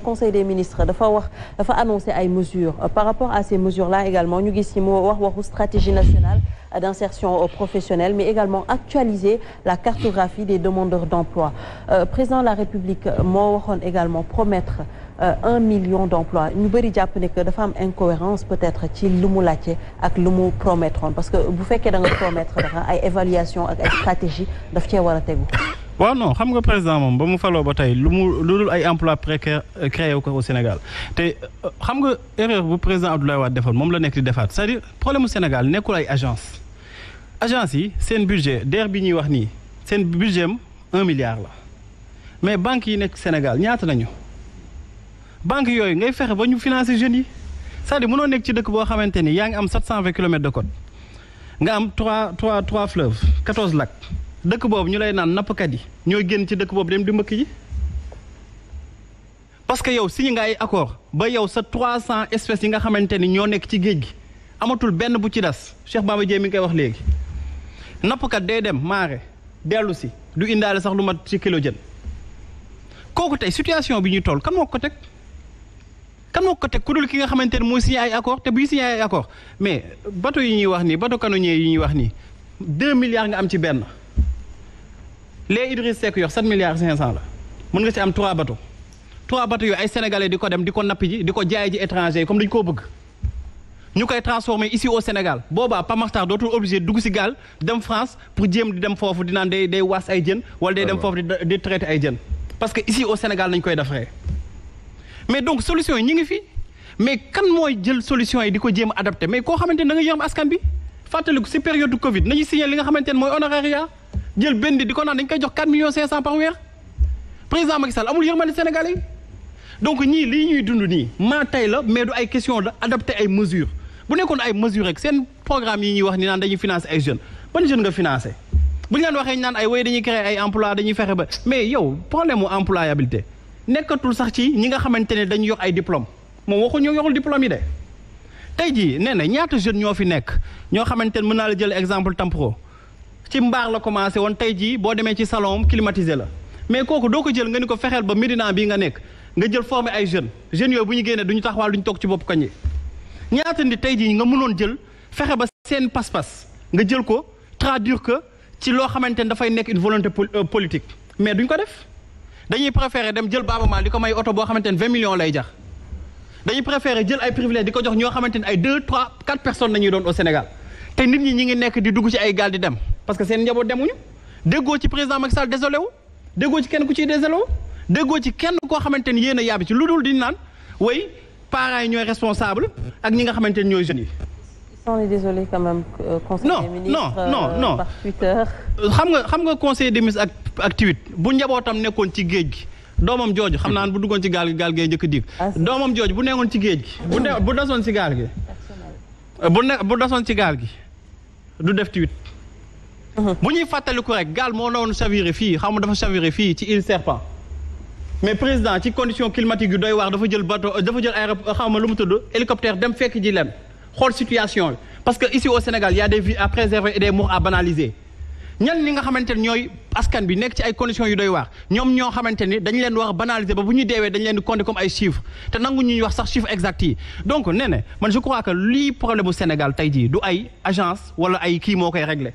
conseil des ministres dafa wax dafa annoncé ay mesures euh, par rapport à ces mesures là également ñu gis ci moo wax waxu stratégie nationale d'insertion euh, professionnelle mais également actualiser la cartographie des demandeurs d'emploi euh, président de la République moo waxoon également promettre euh, un euh, million d'emplois ñu bëri jàpp ne que dafa am incohérence peut-être ci lu mu laajte ak lu mu promettre parce que bu fekkee da nga promettre dafa ay évaluation ak ay stratégie daf cee war a tegu waaw non xam nga président moom ba mu faloo ba tey lu mu lu dul ay emploi précaire euh, créé ko au Sénégal te euh, xam nga erreur bu président Abdoulaye waa defoon moom la nekk di defaat cest à problème mu Sénégal nekkul ay agence agence yi seen budget DER bi ñuy wax nii seen budget un milliard la mais banque yi nekk Sénégal ñaata nañu banque yooyu ngay fexe ba ñu financer jeunes yi cest à mënoo nekk ci dëkk boo xamante ni yaa ngi am 720 kilomètres de côte nga am 3 3 3 fleuves 14 dëkk boobu ñu lay naan nappkat yi ñoo génn ci dëkk boobu dem di mbëkk ji parce que yow signé nga ay accord ba yow sa 300 espèces yi nga xamante ni ñoo nekk ci géej gi amatul benn bu ci das Cheikh Bamba Dièye mi ngay wax léegi nappkat day dem maare dellu si du ale sax lu mat ci kilo jën kooku tey situation bi ñuy toll kan moo ko teg ku dul ki nga xamante ne moo signé ay accord te buy signé ay accord mais bateau yi ñuy wax nii bateau canonnier yi ñuy wax nii 2 milliards nga am ci benn. les Idriss Seck yor 7 milliards 500 la mën nga ci am 3 bateaux 3 bateaux yooyu ay sénégalais di ko dem di ko nappi ji di ko jaay ji étranger comme dañu koo bëgg ñu koy transformer ici au Sénégal boobaa Pape Makhtar dootul obligé dugg ci gaal dem France pour jëm di dem foofu di naan day day waas ay jën. wala day dem foofu di di traité ay jën. parce que ici au Sénégal nañ koy defaree mais donc solution yi ñu ngi fi mais kan mooy jël solution yi di ko jéem adapté mais koo xamante ne da nga yërëm askan bi fàttaliku ci période li nga xamante ne mooy honorariat jël benn di ko naan dañu koy jox 4 millions 500 par weer président Macky Sall amul yërmande Sénégalais yi donc ñii lii ñuy dund nii maa tey la mais du ay question de adapter ay mesures bu nekkoon ay mesures rek seen programme yi ñuy wax ni naan dañuy financer ay jeunes ban jeune nga financer bu ñu leen waxee ñu naan ay way dañuy créer ay emploi dañuy fexe ba mais yow problème mu employabilité nekkatul sax ci ñi nga xamante ne dañu yox ay diplôme moom waxu ñu yorul diplôme yi de tey jii nee na ñaata jeunes ñoo fi nekk ñoo xamante ne mën naa la jël exemple Tampro ci mbaar la commencé woon tey jii boo demee ci salon climatisé la mais kooku doo ko jël nga ni ko fexeel ba Médina bii nga nekk nga jël formé ay jeunes jeunes yooyu bu ñu génnee du ñu taxawaal du ñu toog ci bopp kañ ñaata nit tey jii nga mënoon jël fexe ba seen pas-pas nga jël ko traduire que ci loo xamante ne dafay nekk une volonté euh, politique mais duñ ko def dañuy préféré dem jël Baaba Maal di ko may oto boo xamante ne vingt millions lay jax dañuy préféré jël ay privilèges di ko jox ñoo xamante ne ay deux trois quatre personnes la doon Sénégal te nit ñi ñi ngi nekk di dugg ci ay gaal di dem. parce que seen njaboot demuñu déggoo ci président Macky Sall désolé wu déggoo ci kenn ku ciy désolé wu déggoo ci kenn koo xamante ni yéen a yaabi ci lu dul di naan way parents yi ñooy responsable ak ñi nga xamante ni ñooy jeunes yi. on est désolé quand même. Euh, conseil des euh, xam nga xam nga conseil de ministres ak ak bu njabootam nekkoon ci géej gi. doomam jooju xam naa bu duggoon ci gaal gi gaal gee njëkk dig ah, doomam jooju bu nekkoon ci géej gi. bu ne bu dasoon ci gaal gi. bu ne bu dasoon ci gaal gi du def tweet. bu ñuy fàttaliku rek gaal moo doon chaviré fii xam nga dafa chaviré fii ci île Serpent mais président ci condition climatique yu doy waar dafa jël bateau dafa jël aéro xaw ma lu mu tudd hélicoptère dem fekk ji leen xool situation bi parce que ici au Sénégal y a des vies à préserver et des morts à banaliser ñan ñi nga xamante ne ñooy askan bi nekk ci ay conditions yu doy waar ñoom ñoo xamante ni dañu leen wax banaliser ba bu ñuy deewee dañu leen di compter comme ay chiffres te nangu ñuy wax sax chiffres exacts yi donc nee na man je crois lii problème bu Sénégal tey jii du ay agence wala ay kii moo koy régler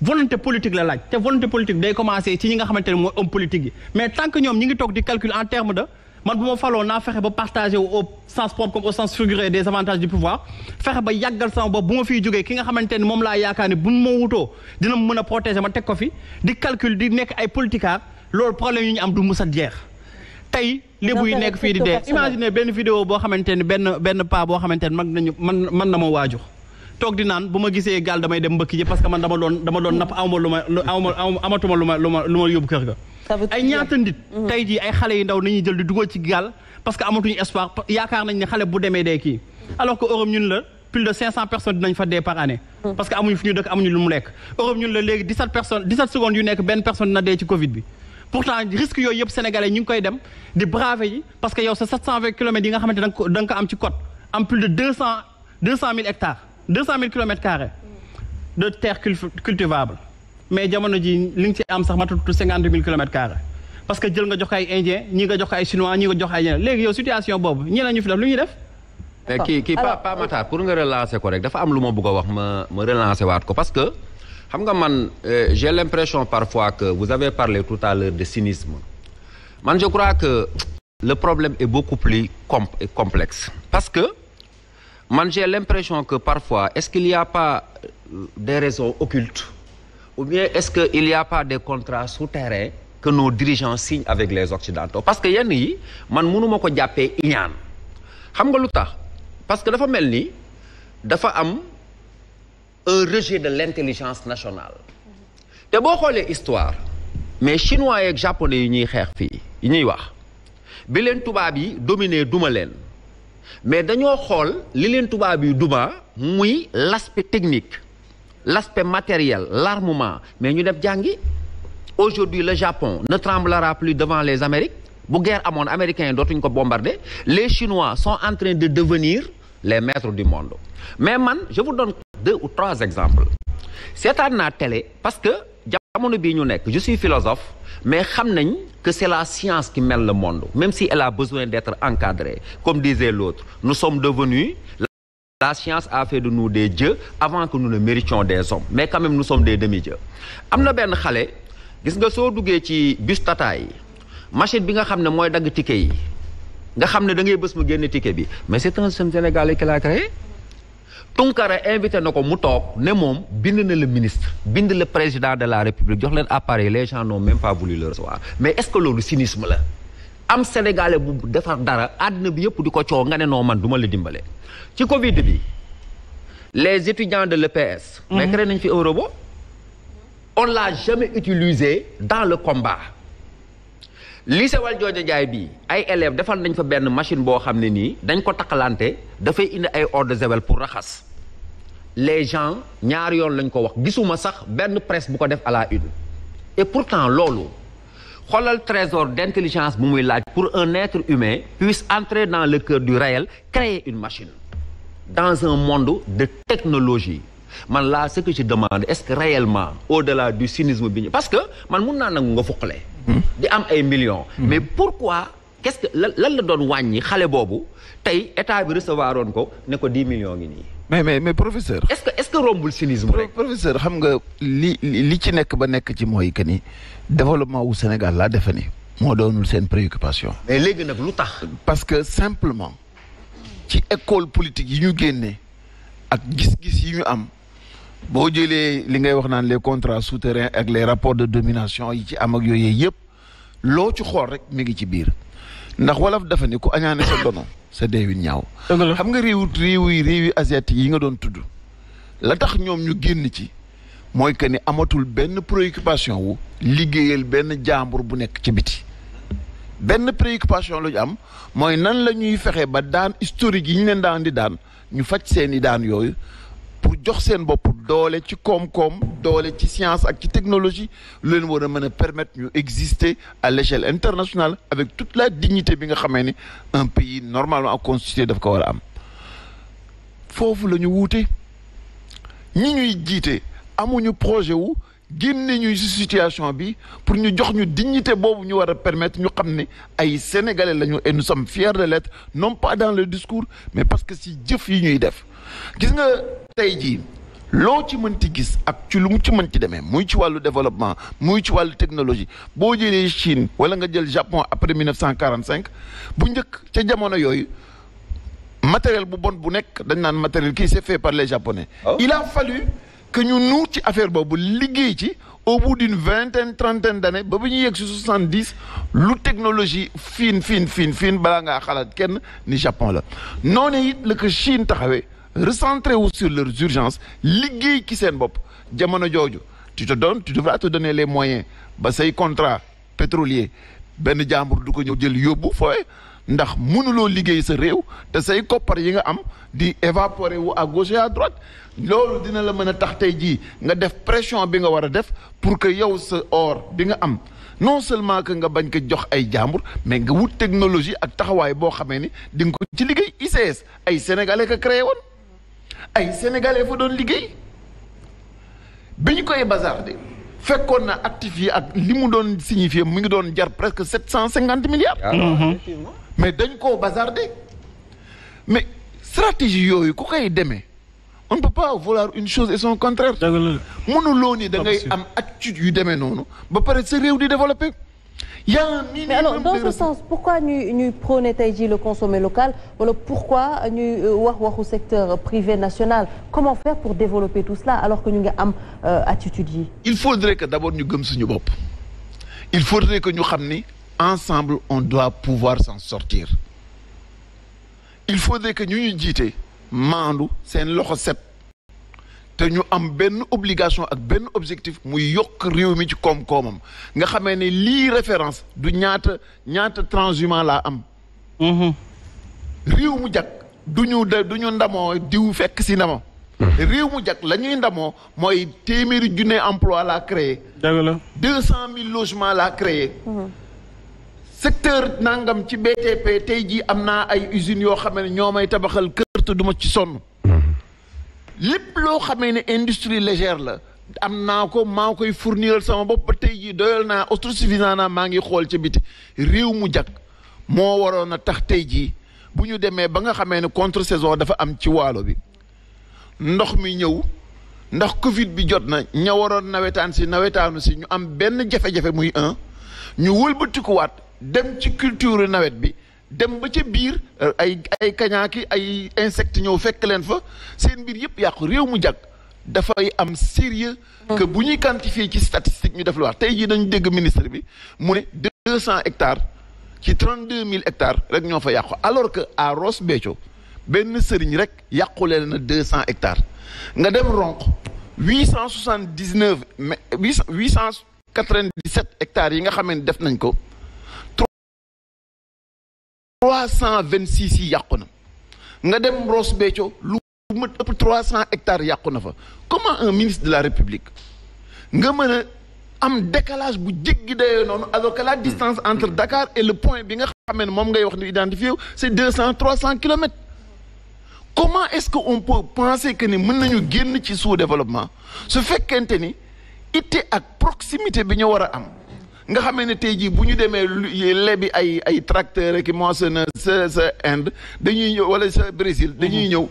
volonté politique la laaj te volonté politique day commencé ci ñi nga xamante ne mooy homme politique yi mais tant que ñoom ñi ngi toog di calcul en terme de man bu ma faloo naa fexe ba partagé wu au sens propre comme au sens figuré des avantages du pouvoir fexe ba yàggal sama bopp bu ma fiy jógee ki nga xamante ne moom laa yaakaar ne bu ma wutoo dina mën a protéger ma teg ko fi di calcul di nekk ay politicards loolu problème yi ñu am du mus a jeex tey lébu yi nekk fii di dee imagine benn vidéo boo xamante ne benn benn pas boo xamante ne man nañu man man na ma waajur toog di naan bu ma gisee gaal damay dem mbëkk ji parce que man dama doon napp awma lu ma amatuma lu ma yóbbu kër ga ay ñaata nit mm-hmm. tey jii ay xale yu ndaw nañuy jël di dugal ci gaal parce que amatuñu espoir yaakaar nañ ne xale bu demee dee kii alors que Europe ñun la plus de personnes dinañ fa dee par mm. parce que amuñu fu ñu dëkk amuñu lu mu lekk Europe ñun la léegi 17 personnes 17 secondes yu nekk benn personne dina dee ci Covid bi pourtant deux cent mille kilomètres carrés de terre cultivable mais jamono ji li nga ci am sax matutu cinquante mille kilomètres carrés parce que jël nga jox ko ay indien ñi nga jox ko ay chinois ñi nga jox ay yeneen léegi yow situation boobu ñi la ñu fi def lu ñuy def kii kii pa pa euh, Matar pour nga relancer ko rek dafa am lu ma bëgg a wax ma ma relancer waat ko parce que xam nga man euh, j'ai l'impression parfois que vous avez parlé tout à l'heure de cynisme man je crois que le problème est beaucoup plus complexe man j'ai l'impression que parfois est-ce qu'il n'y a pas euh, des raisons occultes ou bien est-ce qu'il n'y a pas des contrats souterrains que nos dirigeants signent avec les occidentaux parce que yenn yi man mënuma ko jàppee iñaan xam nga lu tax parce que dafa mel ni dafa am un rejet de l'intelligence nationale te boo xoolee histoire mais chinois yeeg japonais yi ñuy xeex fii yi ñuy wax bi leen tubaab yi dominer duma leen mais dañoo xool li leen tubaab yi duma muy l'aspect technique l'aspect matériel l'armement mais ñu def jàngi aujourd'hui le Japon ne tremblera plus devant les Amériques bu guerre amoon américains yi dootuñ ko bombarder les Chinois sont en train de devenir les maîtres du monde mais man je vous donne deux ou trois exemples seetaan naa télé parce que jamono bii ñu nekk je suis philosophe mais xam nañ que c'est la science ki mel le monde même si elle la besoin d'être encadrée comme disait l'autre nous sommes devenus la science a fait de nous des dieux avant que nous ne méritions des hommes mais quand même nous sommes des demi-dieux am na benn xale gis nga soo duggee ci bus Tata yi machine bi nga xam ne mooy dagg ticket yi nga xam ne da ngay bës mu génn ticket bi mais c'est un Sénégalais qui l'a créé Tunkara invité na ko mu toog ne moom bind na le ministre bind le président de la république jox leen appareil les gens n'ont même pas voulu le recevoir mais est-ce que loolu cynisme la am sénégalais bu defar dara àddina bi yëpp di ko coow nga ne noo man du ma la dimbale ci Covid bi les étudiants de l'EPS mhm. mais créé nañ fi un robot on l'a jamais utilisé dans le combat lycée Valdiodio Ndiaye bi ay élèves defal nañ fa benn machine boo xam ne nii dañ ko takkalante dafay indi ay eau de javel pour raxas les gens ñaar yoon lañ ko wax gisuma sax benn presse bu ko def à la une et pourtant loolu xoolal trésor d'intelligence bu muy laaj pour un être humain puisse entrer dans le cœur du réel créer une machine dans un monde de technologie man là ce que je demande est-ce que réellement au-delà du cynisme bi ñu parce que man mun naa nangu nga fuqale di am ay millions mais pourquoi qu'est-ce que lan la doon wàññi xale boobu tey état bi recevoir oon ko ne ko dix millions ngi nii mais mais mais professeur. est-ce que est-ce que rombul cynisme rek. professeur xam nga li li ci nekk ba nekk ci mooy que ni développement wu Sénégal laa defe ni moo doonul seen préoccupation. mais léegi nag lu tax. parce que simplement ci école politique yi ñu génne ak gis-gis yi ñu am boo jëlee li ngay wax naan les contrats souterrains ak les rapports de domination yi ci amag ak yooyu yëpp loo ci xool rek mi ngi ci biir. ndax wolof dafa ni ku añaane sa dono sa deewin ñaaw xam nga réew réew yi réew yi asiatique yi nga doon tudd la tax ñoom ñu génn ci mooy que ni amatul benn préoccupation wu liggéeyal benn jaambur bu nekk ci biti benn préoccupation la ñu am mooy nan la ñuy fexe ba daan historique yi ñu leen daan di daan ñu faj seen seeni daan yooyu pour jox seen bopp doole ci koom-koom doole ci science ak ci technologie leen war a mën a permettre ñu exister à l'échelle internationale avec toute la dignité bi nga xamee ni un pays normalement ak constitué daf ko war a am foofu la ñu wuute ñi ñuy jiite amuñu projet wu génne ñuy si situation bi pour ñu jox ñu dignité boobu ñu war permettre ñu xam ne ay sénégalais lañu et nous sommes de l'être non pas dans le discours mais parce que si jëf yi ñuy def gis nga tey ji loo ci mënti gis ak ci lu mu ci mënti demee muy ci wàllu développement muy ci wàllu technologie boo jëlee Chine wala nga jël Japon après 1945 bu njëkk ca jamono yooyu matériel bu bon bu nekk dañ naan matériel kii c'est fait par les japonais oh. il a fallu que ñu nu ci affaire boobu liggéey ci au bout d'une vingtaine trentaine d'années ba bu ñu yegg si soixante dix lu technologie fiin fiin fiin fiin balaa ngaa xalaat kenn ni Japon la noonu it la ko Chine taxawee recentré wu sur leurs urgences liggéey ki seen bopp jamono jooju tu te donnes tu devras te donner les moyens ba say contrat pétrolier benn jàmbur du ko ñëw jël yóbbu fooy ndax mënuloo liggéey sa réew te say koppar yi nga am di évaporer wu à gauche et loolu dina la mën a tax tey jii nga def pression bi nga war a def pour que yow sa or bi nga am non seulement que nga bañ ko jox ay jàmbur mais nga wut technologie ak taxawaay boo xamee ni di nga ko ci liggéey ICS ay sénégalais ko créé woon ay sénégalais fa doon liggéey bi ñu koy bazardé fekkoon na actif ak li mu doon signifié mu ngi doon jar presque sept cent cinquante milliards. Ah, mhm. mais dañ koo bazardé mais stratégie yooyu ku koy demee on ne peut pas vouloir une chose et son contraire. mënuloo nu da ngay am attitude yu demee noonu ba pare sa réew di développé. y' a un minimum mais alors dans ce sens pourquoi ñuy ñuy tey jii le consommé local wala pourquoi ñuy euh, wax waxu secteur privé national comment faire pour développer tout cela alors que ñu ngi am euh, attitude il faudrait que d' abord ñu gëm suñu bopp il faudrait que ñu xam ni. ensemble on doit pouvoir s'en sortir il faudrait que ñu ñu jiite maandu seen loxo set te ñu am benn obligation ak benn objectif muy yokk réew mi ci koom-koomam nga xamee ni lii référence du ñaata ñaata transhumant laa am mhm. réew mu jakk du ñu de du ñu ndamoo diw fekk si ndama mhm. réew mu jag la ñuy ndamoo mooy téeméeri junne emploi laa créé dëgg la deux cent mille logements laa créé mhm. secteur nangam ci BTP tey jii am naa ay usines yoo xam ne ñoo may tabaxal kër te duma ci sonn lépp loo xamee ne industrie légère la am naa ko maa koy fourniral sama bopp ba tey jii doyal naa autosuffisant naa maa ngi xool ci biti réew mu jag moo waroon a tax tey jii bu ñu demee ba nga xamee ne contre saison dafa am ci waalo bi ndox mi ñëw ndax Covid bi jot na ña waroon nawetaan si nawetaanu si ñu am benn jafe-jafe muy un ñu wëlbatikuwaat dem ci culture nawet bi dem ba ci biir euh, ay ay kañaaki ay insectes ñëw fekk leen fa seen mbir yëpp yàqu réew mu jag dafay am sérieux que bu ñuy quantifier ci statistique ñu def lu wax tey jii dañu dégg ministre bi mu ne deux cent hectares ci trente deux mille hectares rek ñoo fa yàqu alors que à Ross Béthio benn sëriñ rek yàqule na deux cent hectares nga dem Ronkh huit cent soixante dix neuf huit cent quatre vingt dix hectares yi nga xam ne def nañ ko. trois cent vingt six yi yàqu na nga dem Ross Béthio lu mat ëpp trois cent hectares yàqu na fa comment un ministre de la République nga mën a am décalage bu jéggi dayoo noonu alors que la distance entre Dakar et le point bi nga xamee ne moom ngay wax ni identifié c'est deux cent trois cent kilomètres comment est-ce que un peut penser que ni mën nañu génn ci sous-développement su fekkente ni itte ak proximité bi ñu war a am nga xamee ne tey jii bu ñu demee lebi ay ay tracteur ki moissonneuse sa sa Inde dañuy ñëw wala sa Brésil dañuy mhm. ñëw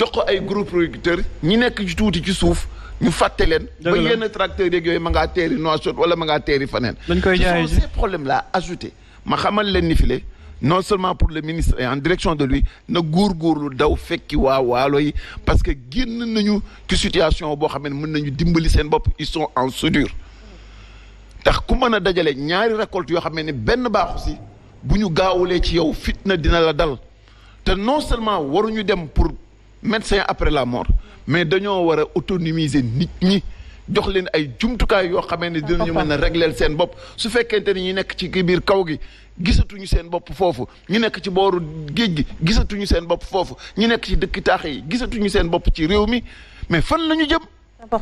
jox ko ay groupe producteurs ñi nekk ci tuuti ci suuf ñu fàtte leen ba yenn tracteurs yeeg yooyu ma ngaa teeri Nouakchott wala ma ngaa teeri faneen ce sont ces problèmes là ajouté ma xamal leen ni file non seulement pour le ministre et en direction de lui na góor góorgóorlu daw fekki waa waalo yi parce que génn nañu ci situation boo xam ne mën nañu dimbali seen bopp ils sont tax ku mën a dajale ñaari récolte yoo xam ne benn baaxu si bu ñu gaawulee ci yow fitna dina la dal te non seulement waruñu dem pour médecin après la mort mais dañoo war a autonomiser nit ñi jox leen ay jumtukaay yoo xamee ne dinañu mën na régleel seen bopp su fekkente ni ñu nekk ci biir kaw gi gisatuñu seen bopp foofu ñu nekk ci booru géej gi gisatuñu seen bopp foofu ñu nekk ci dëkki taax yi gisatuñu seen bopp ci réew mi mais fan la ñu jëm